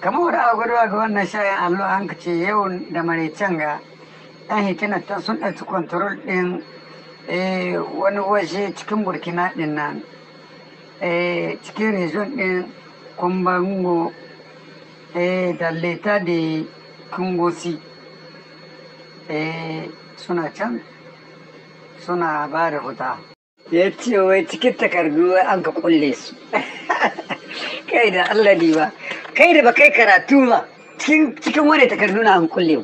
kamar da a ga wannan shayin allo an ce yau da maraicen ga yan hikina ta sun ɗauki kontrol ɗin eh, wani waje cikin burkina ɗin nan eh, cikin rezon ɗin kumbango eh, da leta da kungosi suna can suna ba da huta ya ce wai cikin takardu an ka kulle su kai da allah ba kai da ba kai karatu ba cikin wani takardu na an kulle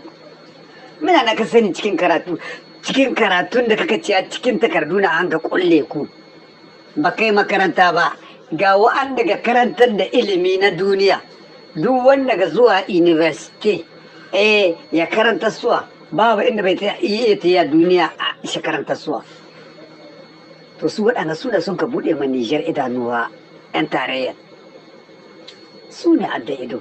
muna na ka sani cikin karatu cikin karatun da kaka ciya cikin takardu na an ga kulle ku ba kai makaranta ba ga wa'an daga karantar da ilimi na duniya duk wanda ga zuwa university eh ya karanta suwa babu inda bai iya ta ya duniya a shi karanta suwa to su waɗanda suna sun ka buɗe ma Nijar idanuwa 'yan tarayyar su ne adda ido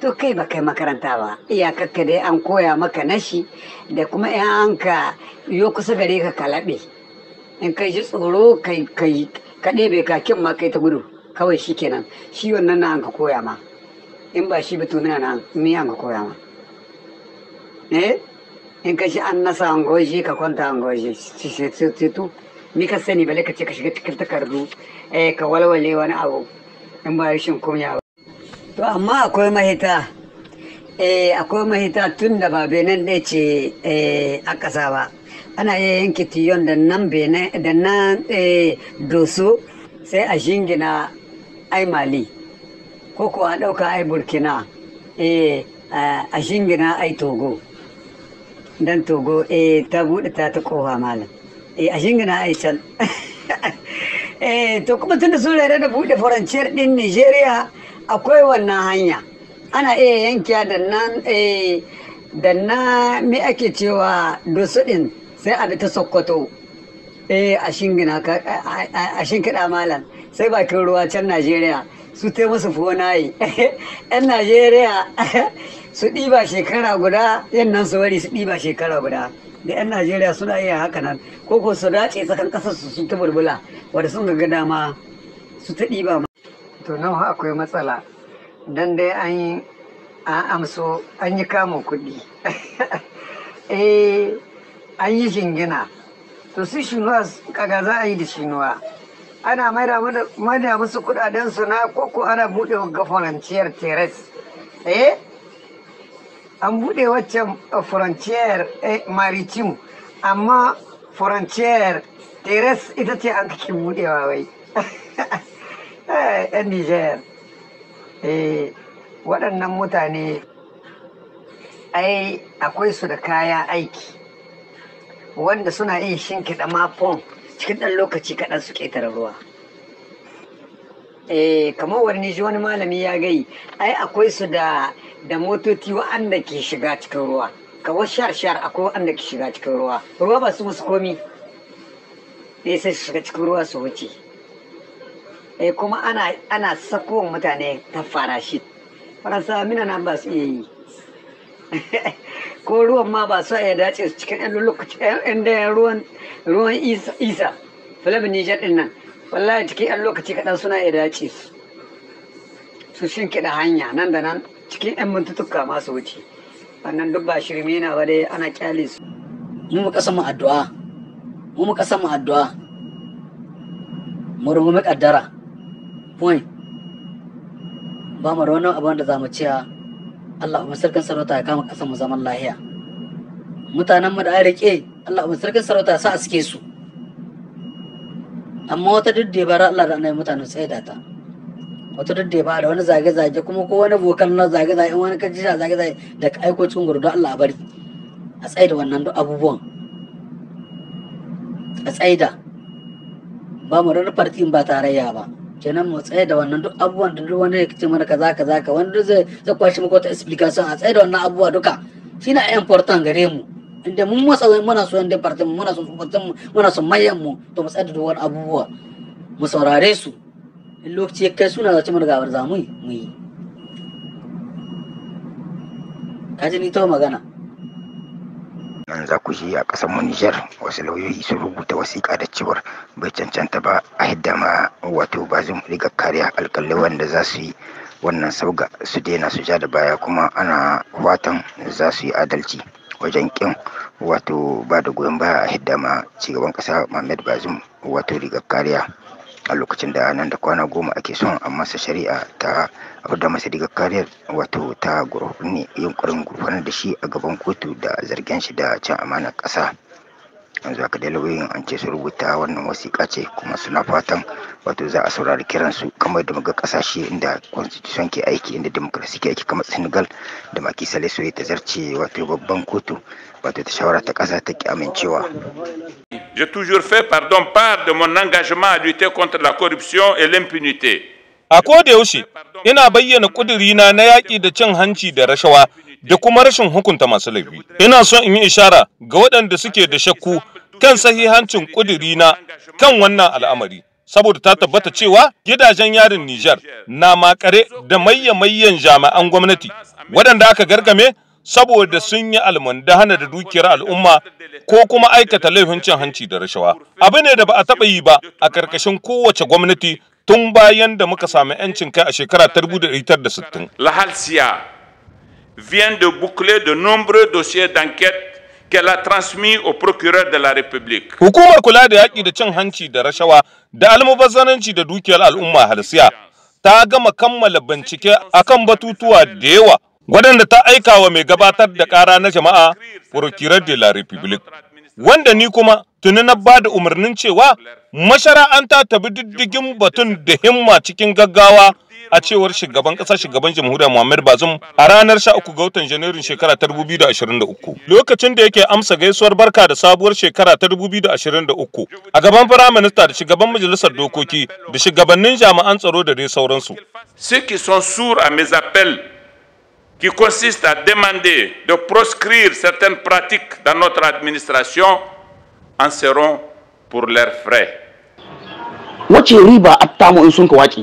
to kai ba kai makaranta ba iyakarka dai an koya maka nashi da kuma yan an ka yo kusa gare ka kalabe in kai ji tsoro kai kai ka ɗebe kakin ma kai ta gudu kawai shi kenan shi wannan na an ka koya ma in ba shi ba to na me an ka koya ma eh in ka shi an nasa an goji ka kwanta an goji tu mi ka sani bale ka ce ka shiga cikin takardu eh ka walwale wani abu in ba rashin kunya to amma akwai mahita eh, akwai mahita tun da ba benin ɗaya ce eh, a ƙasa ba ana yi yanki tiyon da nan benin da nan eh, doso sai a shingina ai mali ko ko a ɗauka ai burkina a shingina ai togo dan togo ta buɗe ta ta kowa malam a shingina ai can eh to kuma tunda sun rere da buɗe faranciyar ɗin nigeria akwai wannan hanya ana iya yankiya da nan eh, da na me ake cewa ɗin sai a ta sokoto eh a shingina shinkiɗa malam sai bakin ruwa can najeriya su ta musu fonaye yan najeriya su ɗiba shekara guda yan nan su wari su ɗiba shekara guda da yan najeriya suna iya haka nan ko su dace tsakan ƙasar su su ta burbula wadda sun ga dama su ta ɗiba to nan akwai matsala don dai an yi an amso an yi kamun kuɗi eh an yi jingina. to su shinuwa kaga za a yi da shinuwa ana maida musu kudaden su na koko ana buɗe ga faranciyar teres eh an buɗe waccan uh, faranciyar eh, maritim amma faranciyar teres ita ce an kake buɗewa wai yan Nijar eh waɗannan mutane ai akwai su da kaya aiki wanda suna yin shinkiɗa mafon cikin ɗan lokaci kaɗan su ƙetare ruwa eh kamar wani ji wani malami ya gai ai akwai su da da motoci wa'anda ke shiga cikin ruwa kawai shar shar akwai wa'anda ke shiga cikin ruwa ruwa ba su musu komi ɗaya sai su shiga cikin ruwa su wuce eh kuma ana ana sako mutane ta farashit faransa mina na ba su iya yi ko ruwan ma ba su iya dace su cikin yan lokacin yan da ruwan ruwan isa filamin nijar din nan wallahi cikin yan lokaci kaɗan suna iya dace su su kiɗa hanya nan da nan cikin yan mintutuka masu wuce wannan duk ba shirme na ba dai ana kyale su mu kasa mu addu'a mu kasa mu addu'a mu mu kaddara point ba mu da wani abin da za mu ciya Allah umar sarkin sarauta ya kama ƙasar mu zaman lahiya mutanen mu da an rike Allah umar sarkin sarauta sa a suke su amma wata dudde ba Allah da annabi mutanen sai da ta wata ba da wani zage zage kuma ko wani bokan na zage zage wani kaji zage zage da aiko cikin gurdu Allah a bari a tsaida wannan duk abubuwan a tsaida ba mu rarrafar ba tarayya ba kenan mu tsaye da wannan duk abubuwan da duk wanda ya ce mana kaza kaza ka wanda zai zai kwashi muku wata explanation a tsaye da wannan abubuwa duka shine important gare mu inda mun matsa muna so inda partin mu muna so partin muna so mayan mu to mu tsaye da wannan abubuwa mu saurare su in lokaci ya kai suna zace mana gabar zamu mu yi kaji ni ta magana nan za ku ji a ƙasar mu wasu lauyoyi sun rubuta wasiƙa da cewar bai cancanta ba a hidda ma wato bazum riga kariya alƙalai wanda za su yi wannan sauga su daina su ja da baya kuma ana watan za su yi adalci wajen ƙin wato ba da goyon baya a hidda ma cigaban ƙasa Muhammad Bazum wato riga kariya. a lokacin da nan da kwana goma ake son a masa shari'a ta da masa daga kariyar wato ta ne yunkurin gurfanar da shi a gaban kotu da zargin shi da can amana kasa yanzu aka lauyin an ce su rubuta wannan wasiƙa ce kuma suna fatan wato za a saurari kiransu kamar da muga ƙasashe inda constitution ke aiki inda democracy ke aiki kamar senegal da maki sale ta zarce wato babban kotu wato ta shawara ta ƙasa ta ki amincewa j'ai toujours fait pardon, part de mon engagement à lutter contre la corruption et l'impunité. A yaushe ina bayyana kudirina na yaƙi da cin hanci da rashawa da kuma rashin hukunta masu laifi. Ina son in yi ishara ga waɗanda suke da shakku kan sahihancin kudirina kan wannan al'amari. Saboda ta tabbata cewa gidajen yarin Nijar na makare da mayya-mayyan jami'an gwamnati waɗanda aka gargame saboda sun yi hana da dukiyar al'umma ko kuma aikata laifin cin hanci da rashawa abu ne da ba a taɓa yi ba a ƙarƙashin kowace gwamnati tun bayan da muka sami 'yancin kai a shekara 1960 la halsiya vient de boucler de nombreux dossiers d'enquête qu'elle a transmis au procureur de la République. Hukumar kula da yaƙi da cin hanci da rashawa da almubazzananci da dukiyar al'umma halsiya ta gama kammala bincike akan batutuwa da yawa waɗanda ta aika wa mai gabatar da ƙara na jama'a Procureur de la République, wanda ni kuma tuni na ba da umarnin cewa mashara'anta ta bi diddigin batun da himma cikin gaggawa a cewar shugaban ƙasa shugaban jamhuriyar Muhammad Bazum a ranar 13 ga watan Janairun shekara ta 2023 lokacin da yake amsa gaisuwar barka da sabuwar shekara ta 2023 a gaban firaminista da shugaban majalisar dokoki da shugabannin jami'an tsaro da dai sauransu. Ceux qui sont sourds qui consiste à demander de proscrire certaines pratiques dans notre administration en seront pour leurs frais. wace riba a in sun kawaki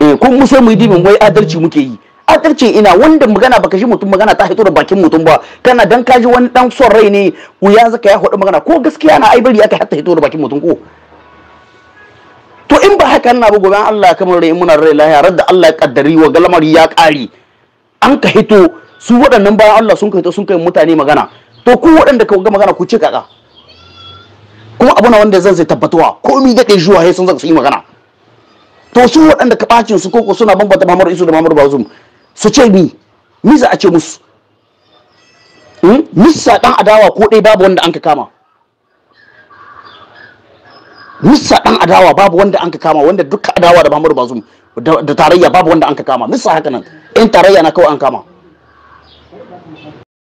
eh kun mu sai mu yi wai adalci muke yi adalci ina wanda magana baka shi mutum magana ta hito da bakin mutum ba kana dan kaji wani dan son rai ne ku ya zaka ya hudu magana ko gaskiya na aibari aka hatta hito da bakin mutum ko to in ba haka na bugu gobe Allah kamar rai muna rai lahiya radda Allah ya kaddari wa galamari ya ƙari an ka hito su waɗannan bayan Allah sun kai sun kai mutane magana to ku waɗanda ka ga magana ku ce kaka kuma abu na wanda zan sai tabbatuwa komi da kai zuwa sai sun zaka su yi magana to su waɗanda ka bacin su koko suna bambanta mamar Isu da mamar Bazum su ce ni ni za a ce musu hmm? Misa ɗan adawa ko ɗaya babu wanda an ka kama. Misa dan adawa babu wanda anka kama wanda duka adawa da Muhammadu Bazum da tarayya babu wanda anka kama misa haka nan tarayya na kawai an kama